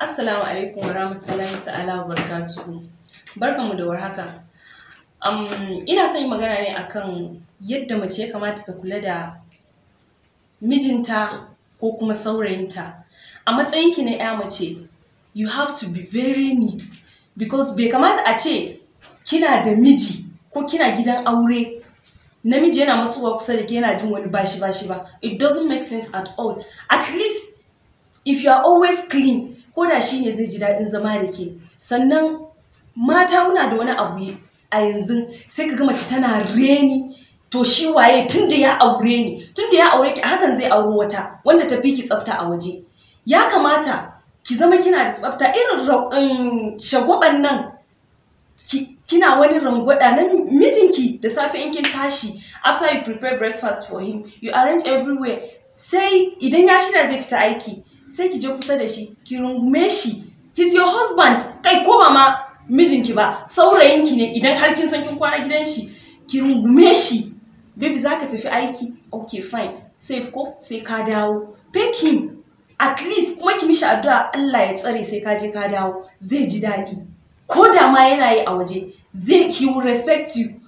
Assalamu alaikum wa rahmatullahi ta'ala wa barakatuhu. Barkanmu da warhaka. Um, ina son yin magana ne akan yadda mace ya kamata ta kula da mijinta ko kuma saurayinta. A matsayin ki na ya mace, you have to be very neat because bai kamata a ce kina da miji ko kina gidan aure namiji yana matsuwa kusa da ke yana jin wani bashi bashi ba. It doesn't make sense at all. At least if you are always clean ko da shi ne zai ji daɗin zama da ke sannan mata muna da wani abu a yanzu sai ka ga mace tana reni to shi waye tun da ya aure ni tun da ya aure ki hakan zai auro wata wanda ta fi ki tsafta a waje ya kamata ki zama kina da tsafta irin um, shagwaban nan kina wani rangwada na mijinki da safe in kin tashi after you prepare breakfast for him you arrange everywhere sai idan ya shirya zai fita aiki sai ki je kusa da shi ki rungume shi he's your husband kai ko ba ma mijinki ba saurayinki ne idan har kin san kin kwana gidan shi ki rungume shi baby zaka tafi aiki okay fine safe ko sai ka dawo pick him at least kuma ki mishi addu'a Allah ya tsare sai ka je ka dawo zai ji daɗi ko da ma yana yi a waje zai ki respect you